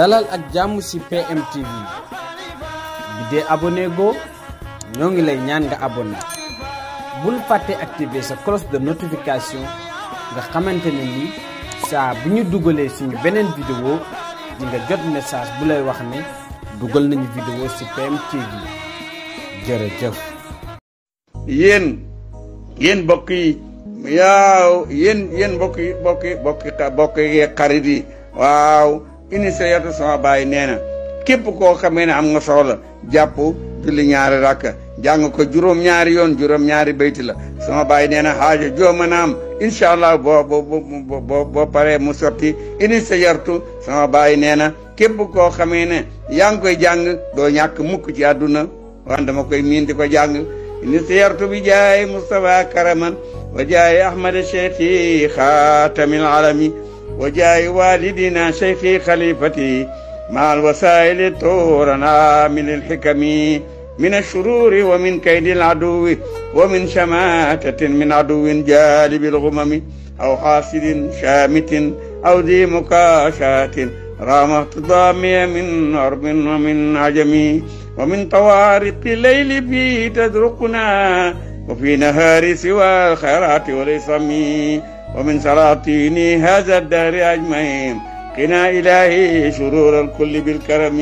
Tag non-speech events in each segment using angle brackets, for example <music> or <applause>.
dalal ak jàmm ci PMTV bi dee abonné ñoo ngi lay ñaan nga abonné bul fàtte activer sa cloche de notification nga xamante ne ni saa bu ñu dugalee suñu beneen vidéo di nga jot message bu lay wax ne dugal nañu vidéo ci PMTV jërëjëf. yéen yéen mbokk yaaw yen yéen mbokk yi mbokk mbokk yi xarit yi waaw UNICEF yatu sama baay nee na képp koo xamee ne am nga soxla jàpp julli ñaari rakk jàng ko juróom-ñaari yoon juróom-ñaari bayti la sama baay nee na xaaja joo mën am incha allah boo boo boo paree mu sotti UNICEF yartu sama baay nee na képp koo xamee ne yaa ngi koy jàng doo ñàkk mukk ci àdduna waan dama koy miin di ko jàng إني سيرت بجاه مصطفى كرما وجاه أحمد شيخي خاتم العالمين وجاه والدنا شيخي خليفتي مع الوسائل تورنا من الحكم من الشرور ومن كيد العدو ومن شماتة من عدو جالب الغمم أو حاسد شامت أو ذي مكاشات رام احتضامي من عرب ومن عجمي ومن طوارق الليل فيه تزرقنا وفي نهار سوى الخيرات والإصم ومن سلاطين هذا الدهر أجمعين قنا إلهي شرور الكل بالكرم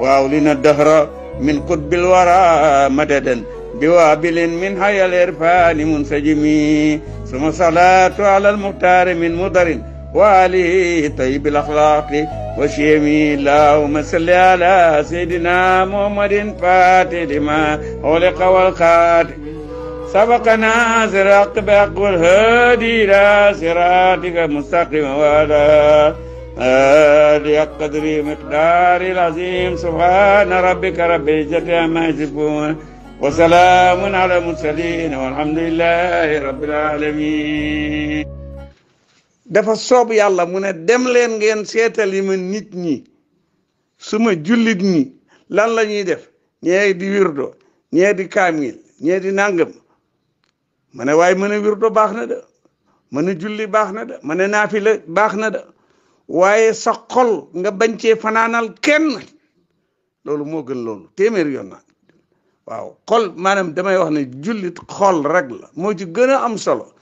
وأولنا الدهر من قطب الورى مددا بوابل من حي الإرفان منسجم ثم صلاة على المختار من مدر وآله طيب الأخلاق وشيمي اللهم صل على سيدنا محمد فاتح لما أغلق والخاتم سبقنا صراط بحق والهادي إلى صراطك المستقيم وعلى آله قدر مقدار العظيم سبحان ربك رب العزة عما يصفون وسلام على المرسلين والحمد لله رب العالمين dafa soob yàlla mu ne dem leen ngeen seetal yi ma nit ñi suma jullit ñi lan la ñuy def ñee di wirdo ñeedi di kaamil ñee di nàngam ma ne waaye mën a wirdo baax na da mën a julli baax na da mën a naafila baax na da waaye sa xol nga bañ cee fanaanal kenn loolu moo gën loolu téeméer yoon na waaw xol maanaam damay wax ne jullit xol rek la moo ci gën a am solo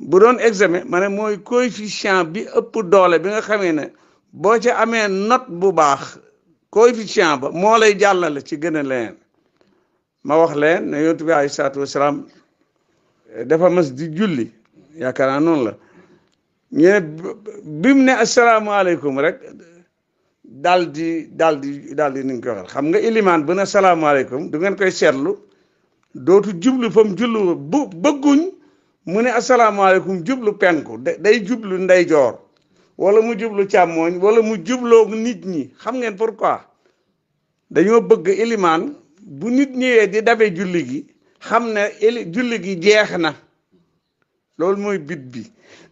bu doon examen ma ne mooy coefficient bi ëpp doole bi nga xamee ne boo ci amee note bu baax coefficient ba moo lay jàllale ci gën a leen ma wax leen ne yonent bi alayhi salaatu eh, di julli yaakaar naa noonu la ñu ne asalaamaaleykum rek daal di daal di daal di ni xam nga ilimaan bu ne asalaamaaleykum du ngeen koy seetlu dootu jubli fa mu jullu bu bëgguñ mu ne asalaamaaleykum jublu penku day jublu ndeyjoor wala mu jublu càmmooñ wala mu jubloo nit ñi xam ngeen pour pourquoi dañoo bëgg ilimaan bu nit ñëwee di dabe julli gi xam ne julli gi jeex na loolu mooy bit bi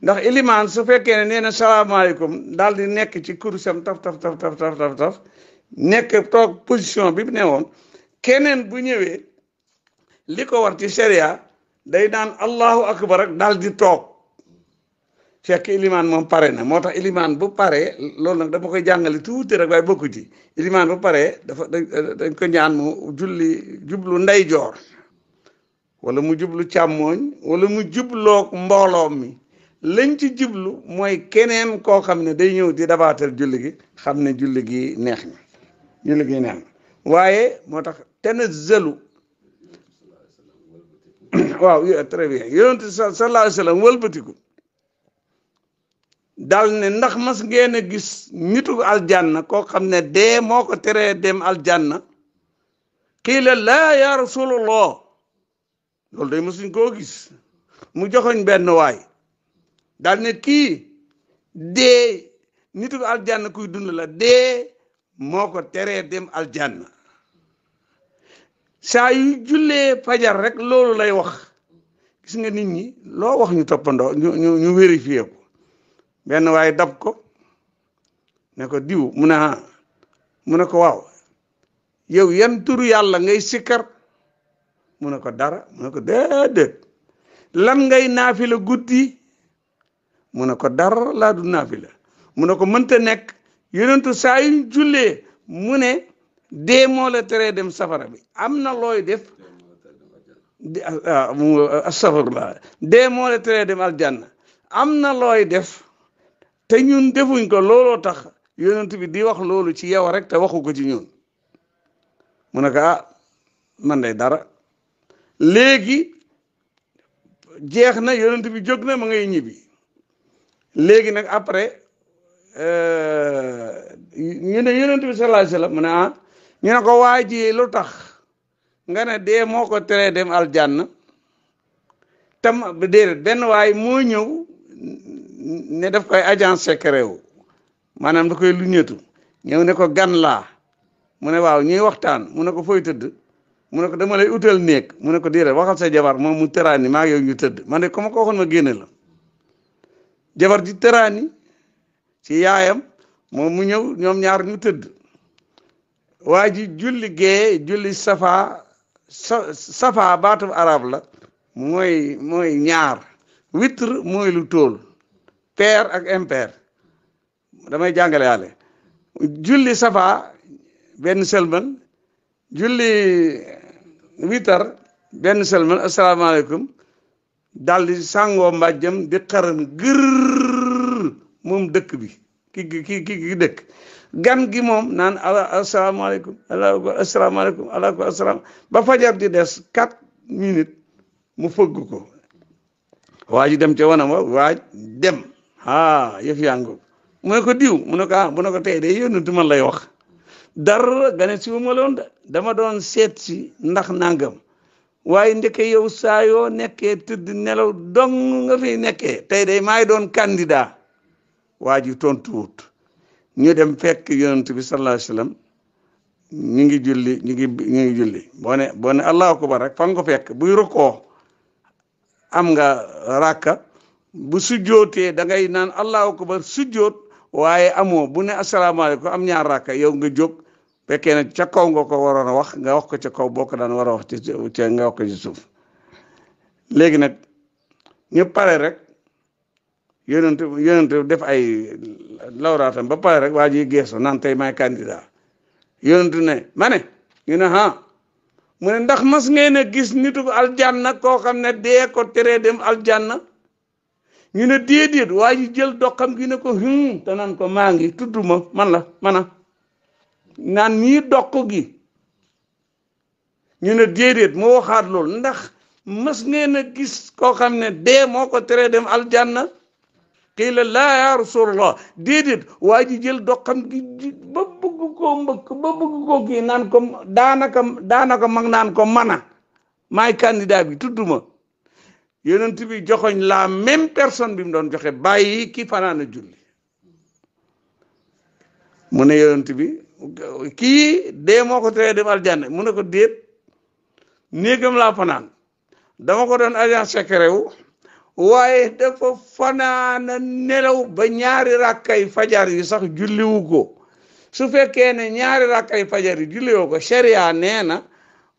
ndax ilimaan su fekkee ne nee na salaamaaleykum daal di nekk ci kursam taf taf taf taf taf taf taf nekk toog position bi mu woon keneen bu ñëwee li ko war ci sharia day daan allahu akbar ak daal di toog fekk ilimaan moom pare na moo tax ilimaan bu pare loolu nag dama koy jàngale tuuti rek waaye bokku ci ilimaan bu pare dafa dañ ko ñaan mu julli jublu ndeyjoor wala mu jublu càmmooñ wala mu jublook mbooloo mi lañ ci jublu mooy keneen koo xam ne day ñëw di dabaatal julli gi xam ne julli gi neex na julli waaye moo tax tenazzalu waaw très bien yonent sallallahu alayhi wa sallam wëlbatiku daal ne ndax mas ngeen a gis nitu aljanna koo xam ne dee moo ko teree dem aljanna qiila laa yaa rasulallah loolu day masuñ koo gis mu joxoñ benn waay daal ne kii dee nitu aljanna kuy dund la dee moo ko teree dem aljanna saa yu jullee fajar rek loolu lay wax gis nga nit ñi loo wax ñu toppandoo ñu ñu ñu vérifié ko benn waaye dab ko ne ko diw mu ne ah. mu ne ko waaw yow yan turu yàlla ngay sikar mu ne ko dara mu ne ko déedéet lan ngay naafila guddi mu ne ko dara laa du naafila mu ne ko mënta nekk yonentu saa yu jullee mu ne dee moo la dem safara bi am na looy def di ah, ah, ah, astafurlah dee moo la teree dem aljanna am na looy def te ñun defuñ ko looloo tax yonent bi di wax loolu ci yow rek te waxu ko ci ñun mu ne ko ah man day dara léegi jeex na yonent bi jóg na ma ngay ñibbi léegi nag après euh, ñu ne yonent bi sallallahu alayhi ñu ne ko waa lu tax nga ne dee moo ko teree dem aljanna tam déedéet benn waay moo ñëw ne def koy agent secret wu maanaam da koy lu ñetu ñëw ne ko gan laa mu ne waaw ñuy waxtaan mu ne ko fooy tëdd mu ne ko dama lay utal néeg mu ne ko déedéet waxal sa jabar moom mu tëraani maa yu ñu tëdd man de comme ko waxoon ma génne la jabar ji tëraani ci yaayam moom mu ñëw ñoom ñaar ñu tëdd waa ji julli gee julli safa sa safa baatu arab la mooy mooy ñaar witre mooy lu tóol pair ak impair damay jàngale yàlla julli safa benn sëlmal julli witar benn sëlmal asalaamaaleykum daldi sàngoo mbàjjam di xaram gërr moom dëkk bi ki ki ki dëkk gan gi moom naan ala asalaamaaleykum allahu akbar asalaamaaleykum allahu akbar asalaam ba fajar di des quatre minutes mu fëgg ko waaj dem ca wanam wa waaj dem ah yëf yaa ngi mu ne diw mu ne ko ah, mu ne tey de yónnatu man lay wax dara gane si wu ma loon dama doon seet si ndax nangam waaye ndeke yow saa yoo nekkee tëdd nelaw dong nga fiy tey de maay doon candidat waa ji tontuwut ñu dem fekk yonent bi sallallahu alayhi wasallam ñu ngi julli ñu ngi ñu ngi julli boo ne boo ne allahu rek fan ko fekk buy rukkoo am nga ràkka bu sujjootee da ngay naan allahu akbar sujjoot waaye amoo bu ne asalaamaaleykum am ñaar ràkka yow nga jóg fekkee ne ca kaw nga ko waroon a wax nga wax ko ca kaw boo ko daan war a wax ci nga wax ko ci suuf léegi nag ñu pare rek yonent yonent def ay lawraatam ba pare rek waa ji geesu naan tey may candidat yonent ne ma ñu ne ah mu ne ndax mas ngeen a gis nitu aljanna koo xam ne dee ko tere dem aljanna ñu ne déedéet waa jël doxam gi ne ko hum ko maa ngi tudd man la mana naan nii gi ñu ne déedéet moo waxaat ndax mas ngeen gis koo xam ne dee moo ko teree dem aljanna xii la laa yaa rasulallah déedéet waa ji jël doxam gi ba bëgg koo mbëkk ba bëgg ko mag naan ko mana maay candidat bi tudduma yonent bi joxoñ la même personne bi mu doon joxe bàyyi ki fanaan a julli mu ne yonent bi dee moo ko teree dem aljanna mu ne ko déet néegam laa dama ko doon agent secret waaye dafa fanaana nelaw ba ñaari rakkay fajar yi sax julliwu ko su fekkee ne ñaari rakkay fajar yi julliwoo ko sharia nee na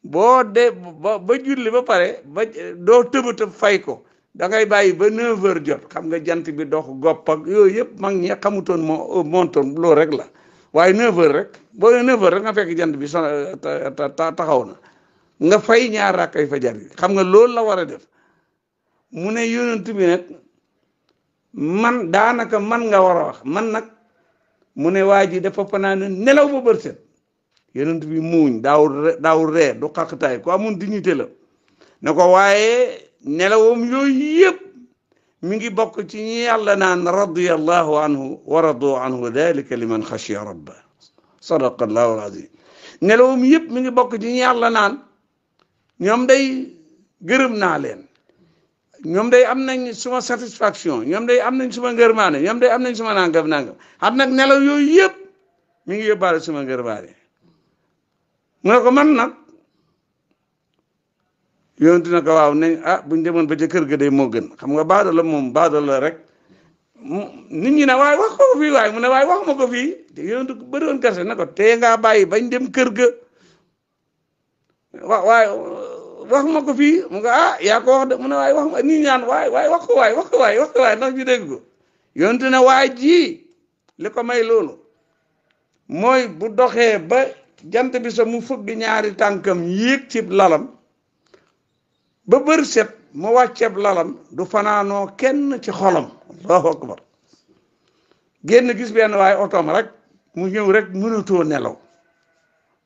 boo de ba ba julli ba pare ba doo tëbatëb fay ko da ngay bàyyi ba neuf heures jot xam nga jant bi dox gopp ak yooyu yëpp mag ñi xamutoon moo montoon loolu rek la waaye neuf heures rek boo neuf rek nga fekk jant bi so taxaw na nga fay ñaar rakkay fajar yi xam nga loolu la war a def mu ne yonent bi nag man daanaka man nga war a man nag mu ne waa ji dafa fanaane nelaw ba bër set yonent bi muuñ daawul daawul ree du xaqtaay ku amoon dignité la ne ko waaye nelawam yooyu yëpp mi ngi bokk ci ñi yàlla naan radiyallahu anhu wa radu anhu dalika liman xashiya rabba sadaqa allahu alazim nelawam yëpp mi ngi bokk ci ñi yàlla naan ñoom day gërëm naa leen ñoom day am nañ suma satisfaction ñoom day am nañ suma ngërmaane ñoom day am nañ suma nangam nangam xam nag nelaw yooyu yëpp mi ngi yóbbaale suma ngërmaane mu ne ko man nag yonent na ko waaw nañ ah buñ demoon ba ca kër ga day moo gën xam nga baado la moom baado la rek nit ñi ne waaye wax ko fii waaye mu ne waaye wax ma ko fii te yonent ko bëri woon gerte na ko tee ngaa bàyyi bañ dem kër ga wax ma ko fii mu nga ah yaa waaye wax ñaan waay waay ko waay wax ko waay wax ko waay ndax ñu dégg ko yonte ne waay ji li ko may loolu mooy bu doxee ba jant bi sax mu fëgg ñaari tànkam yéeg cib lalam ba bër set mu wàcceeb lalam du fanaanoo kenn ci xolam allahu gis benn waaye otoom rek mu ñëw rek mënatoo nelaw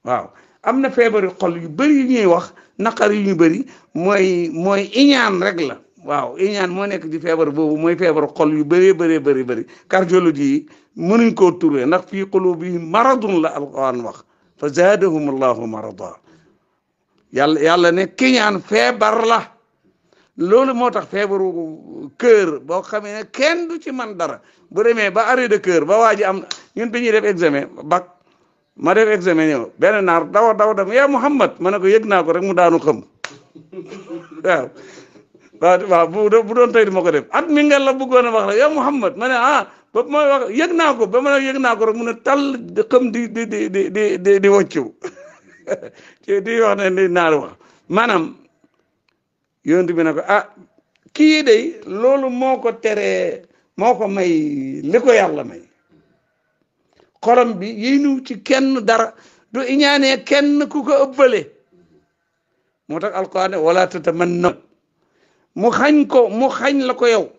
waaw am na feebaru xol yu bari yu ñuy wax naqar yu ñu bari mooy mooy iñaan rek la waaw iñaan moo nekk ci feebar boobu mooy feebaru xol yu bëree bëree bëri bëri cardiologie yi mënuñ koo trouvé ndax fii qulubihim maradun la alquran wax fa zaadahum allahu marada yàlla yàlla ne kiñaan feebar la loolu moo tax feebaru cœur boo xamee ne kenn du ci man dara bu demee ba arrêt de cœur ba waa ji am ñun bi ñuy def examen ma def examen ñëw benn naar daw daw dem yaa Muhammad ma ne ko yëg naa ko rek mu daanu xam <laughs> waaw waaw bu doon tey di ma ko def at mi ngeen la bëggoon a wax rek yaa Muhammad ma ne ah ba naa ko ba ma ne yëg naa ko rek mu ne tal xam di di di di di di di wàccu <laughs> wax ne di naar wax maanaam yonent bi ne ko ah kii day loolu moo ko teree moo ko may li ko yàlla may xorom bi nu ci kenn dara du iñaanee kenn ku ko ëppale moo tax alquran wala tatamanna mu xañ ko mu xañ la ko yow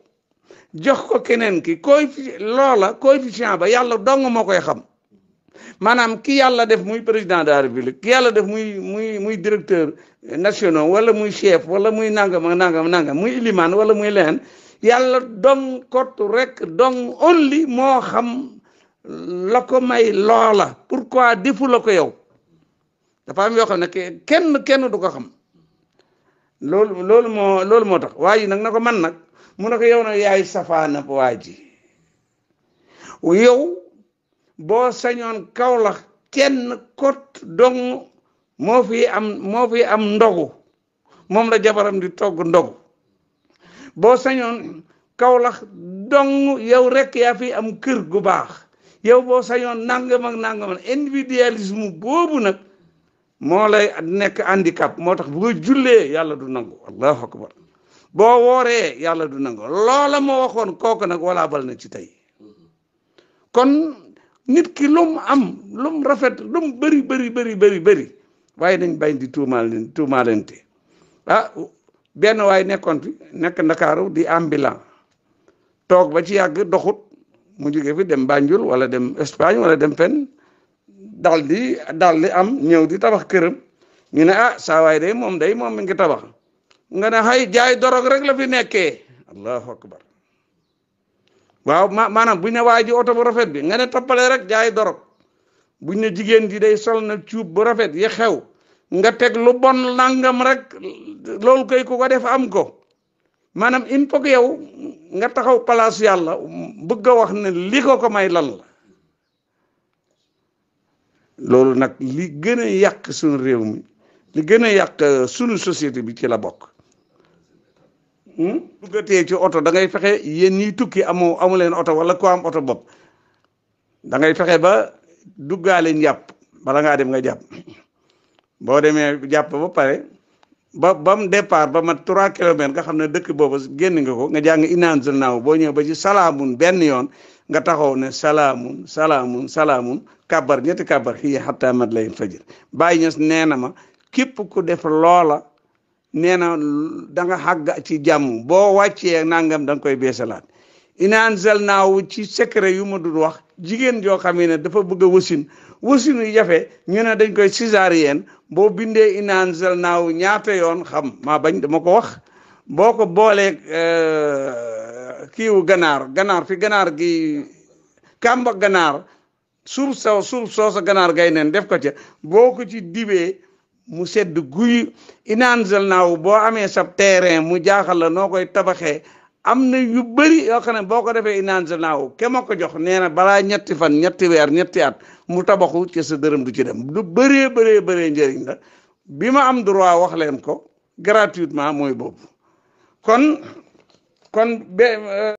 jox ko keneen ki coefficient loola coefficient ba yàlla dong moo koy xam maanaam ki yàlla def muy président de la ki yàlla def muy muy muy directeur national wala muy chef wala muy nangama nangam nangam muy ilimaan wala muy leen yàlla dong kott rek dong only moo xam la ko may loola pourquoi defu la ko yow dafa am yoo xam ne kenn kenn du ko xam loolu moo loolu moo tax waa nag na ko man nag mu ne ko yow nag yaay safaanab waa ji yow boo sañoon Kawlax kenn kot dong moo fi am moo fi am ndogu moom la jabaram di togg ndogu boo sañoon Kawlax dong yow rek yaa fi am kër gu baax yow boo sañoon nangam ak nangam individualisme boobu nag moo lay nekk handicap moo tax boo jullee yàlla du nangu allahu akbar boo wooree yàlla du nangu loola ma waxoon kooku nag walaa bal na ci tey kon nit ki lum am lum rafet lum bëri bëri bëri bëri bëri waaye nañ bañ di tuumaal ah, benn waaye nekkoon fi nekk ndakaaru di ambulant toog ba ci yàgg doxut mu jógee fi dem Banjul wala dem Espagne wala dem fenn dal di dal am ñëw di tabax këram ñu ne ah saa waay day moom day moom mi ngi tabax nga ne xay jaay dorog rek la fi nekkee allahu akbar waaw ma maanaam buñ ne waay ji oto bu rafet bi nga ne tappale rek jaay dorog buñ ne jigéen ji day sol na cuub bu rafet yi xew nga teg lu bon nangam rek loolu koy ku ko def am ko maanaam il faut yow nga taxaw place yàlla bëgg a wax ne li ko ko may lan la loolu nag li gën a yàq suñu réew mi li gën a yàq suñu société bi ci la bokk duggatee hmm? ci oto da ngay fexe yéen ñiy tukki amoo amu leen oto wala ko am oto bopp da ngay fexe ba duggaaleen jàpp bala ngaa dem nga jàpp boo demee jàpp ba pare ba ba mu départ ba mat trois kilomètres nga xam ne dëkk boobu génn nga ko nga jàng inaan naaw boo ñëw ba ci salaamun benn yoon nga taxaw ne salaamun salaamun salaamun kàbbar ñetti kàbbar xii xattaa mat lay fajir bàyyi ños nee na ma képp ku def loola nee na da nga ci jàmm boo wàccee nangam da nga koy beesalaat inaan naaw ci secret yu ma dul wax jigéen joo xam ne dafa bëgg a wasin wasinu jafe ñu ne dañ koy césarienne boo bindee inaanzal naaw ñaata yoon xam maa bañ dama ko wax boo ko boolee euh, kiiwu ganaar ganaar fi ganaar gi kamba ganaar suuf soo suuf soo sa ganaar gay neen def ko ca boo ko ci dibee mu sedd guy inaanzal naaw boo amee sab terrain mu jaaxal noo koy tabaxee am na yu bëri yoo xam ne boo ko defee inaan sa naaw ke ma ko jox nee na balaa ñetti fan ñetti weer ñetti at mu tabaxu ci sa dërëm du ci dem du bëree bëree bëree njëriñ la bi ma am droit wax leen ko gratuitement mooy boobu kon kon be